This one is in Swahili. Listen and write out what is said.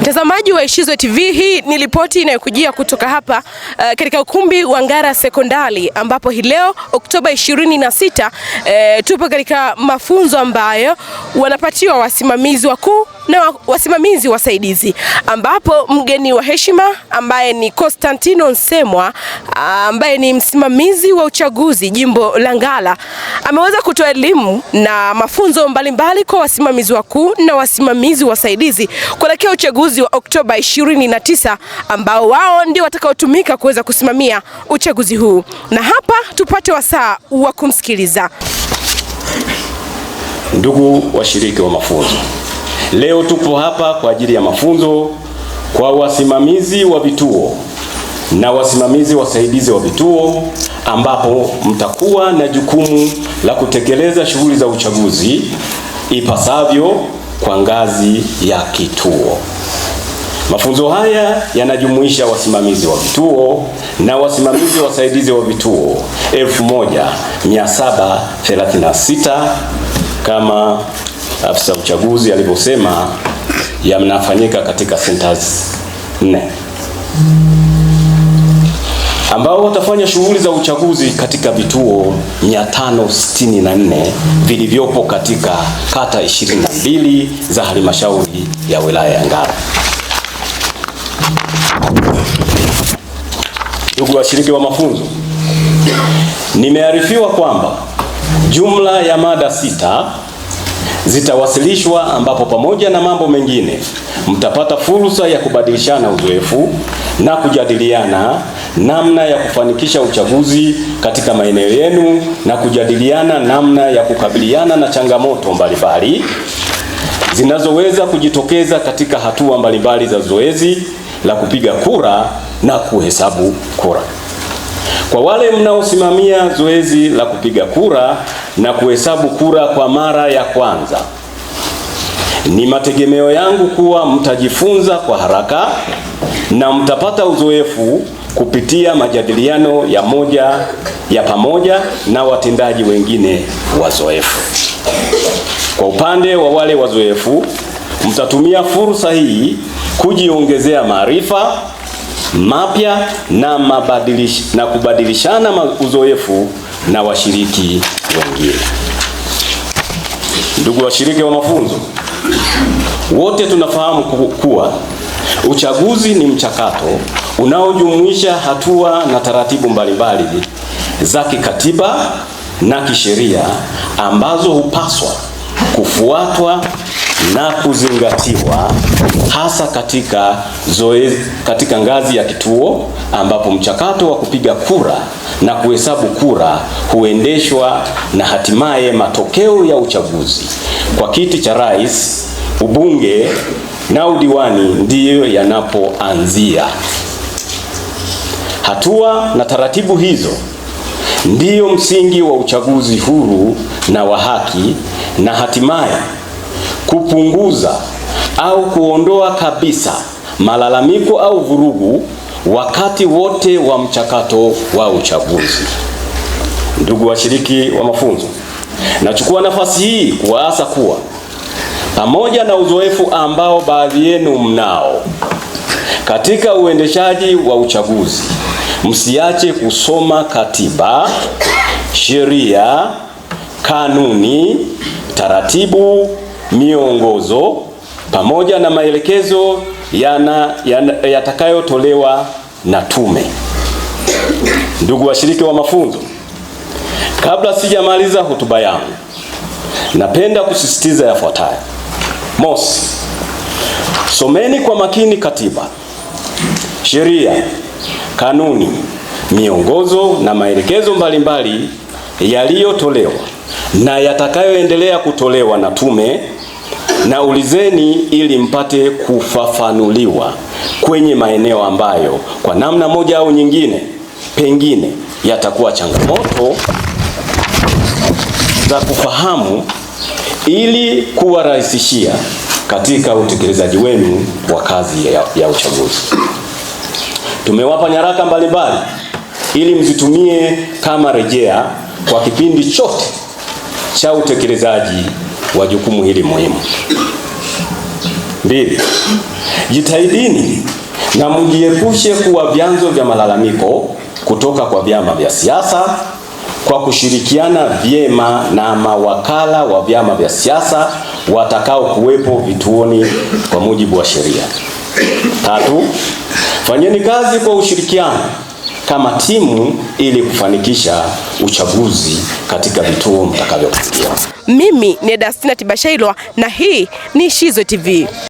Mtazamaji wa Ishizo TV, hii ni ripoti inayokujia kutoka hapa uh, katika ukumbi wa Ngara Sekondari ambapo hii leo Oktoba 26 uh, eh, tupo katika mafunzo ambayo wanapatiwa wasimamizi wakuu na wasimamizi wasaidizi, ambapo mgeni wa heshima ambaye ni Constantino Nsemwa ambaye ni msimamizi wa uchaguzi jimbo la Ngara ameweza kutoa elimu na mafunzo mbalimbali mbali kwa wasimamizi wakuu na wasimamizi wasaidizi kuelekea uchaguzi wa Oktoba 29 ambao wao ndio watakaotumika kuweza kusimamia uchaguzi huu, na hapa tupate wasaa wa kumsikiliza. Ndugu washiriki wa mafunzo Leo tupo hapa kwa ajili ya mafunzo kwa wasimamizi wa vituo na wasimamizi wasaidizi wa vituo ambapo mtakuwa na jukumu la kutekeleza shughuli za uchaguzi ipasavyo kwa ngazi ya kituo. Mafunzo haya yanajumuisha wasimamizi wa vituo na wasimamizi wasaidizi wa vituo 1736 kama afisa uchaguzi alivyosema yanafanyika katika centers nne ambao watafanya shughuli za uchaguzi katika vituo 564 vilivyopo katika kata 22 za halmashauri ya wilaya ya Ngara. Ndugu washiriki wa mafunzo, nimearifiwa kwamba jumla ya mada sita zitawasilishwa ambapo pamoja na mambo mengine mtapata fursa ya kubadilishana uzoefu na kujadiliana namna ya kufanikisha uchaguzi katika maeneo yenu na kujadiliana namna ya kukabiliana na changamoto mbalimbali zinazoweza kujitokeza katika hatua mbalimbali za zoezi la kupiga kura na kuhesabu kura. Kwa wale mnaosimamia zoezi la kupiga kura na kuhesabu kura kwa mara ya kwanza. Ni mategemeo yangu kuwa mtajifunza kwa haraka na mtapata uzoefu kupitia majadiliano ya moja ya pamoja na watendaji wengine wazoefu. Kwa upande wa wale wazoefu, mtatumia fursa hii kujiongezea maarifa mapya na mabadilish, na kubadilishana uzoefu na washiriki wengine. Ndugu washiriki wa mafunzo, wote tunafahamu kuwa uchaguzi ni mchakato unaojumuisha hatua na taratibu mbalimbali za kikatiba na kisheria ambazo hupaswa kufuatwa na kuzingatiwa hasa katika zoezi, katika ngazi ya kituo ambapo mchakato wa kupiga kura na kuhesabu kura huendeshwa na hatimaye matokeo ya uchaguzi kwa kiti cha rais, ubunge na udiwani ndiyo yanapoanzia. Hatua na taratibu hizo ndiyo msingi wa uchaguzi huru na wa haki na hatimaye kupunguza au kuondoa kabisa malalamiko au vurugu wakati wote wa mchakato wa uchaguzi. Ndugu washiriki wa mafunzo, nachukua nafasi hii kuwaasa kuwa pamoja na uzoefu ambao baadhi yenu mnao katika uendeshaji wa uchaguzi, msiache kusoma katiba, sheria, kanuni, taratibu miongozo pamoja na maelekezo yatakayotolewa ya, na tume. Ndugu washiriki wa mafunzo, kabla sijamaliza hotuba yangu, napenda kusisitiza yafuatayo. Mosi, someni kwa makini katiba, sheria, kanuni, miongozo na maelekezo mbalimbali yaliyotolewa na yatakayoendelea kutolewa na tume na ulizeni ili mpate kufafanuliwa kwenye maeneo ambayo kwa namna moja au nyingine pengine yatakuwa changamoto za kufahamu ili kuwarahisishia katika utekelezaji wenu wa kazi ya, ya uchaguzi. Tumewapa nyaraka mbalimbali ili mzitumie kama rejea kwa kipindi chote cha utekelezaji wa jukumu hili muhimu. Mbili, jitahidini na mjiepushe kuwa vyanzo vya malalamiko kutoka kwa vyama vya siasa kwa kushirikiana vyema na mawakala wa vyama vya siasa watakao kuwepo vituoni kwa mujibu wa sheria. Tatu, fanyeni kazi kwa ushirikiano kama timu ili kufanikisha uchaguzi katika vituo mtakavyopigia. Mimi ni Dastina Tibashailwa na hii ni Shizo TV.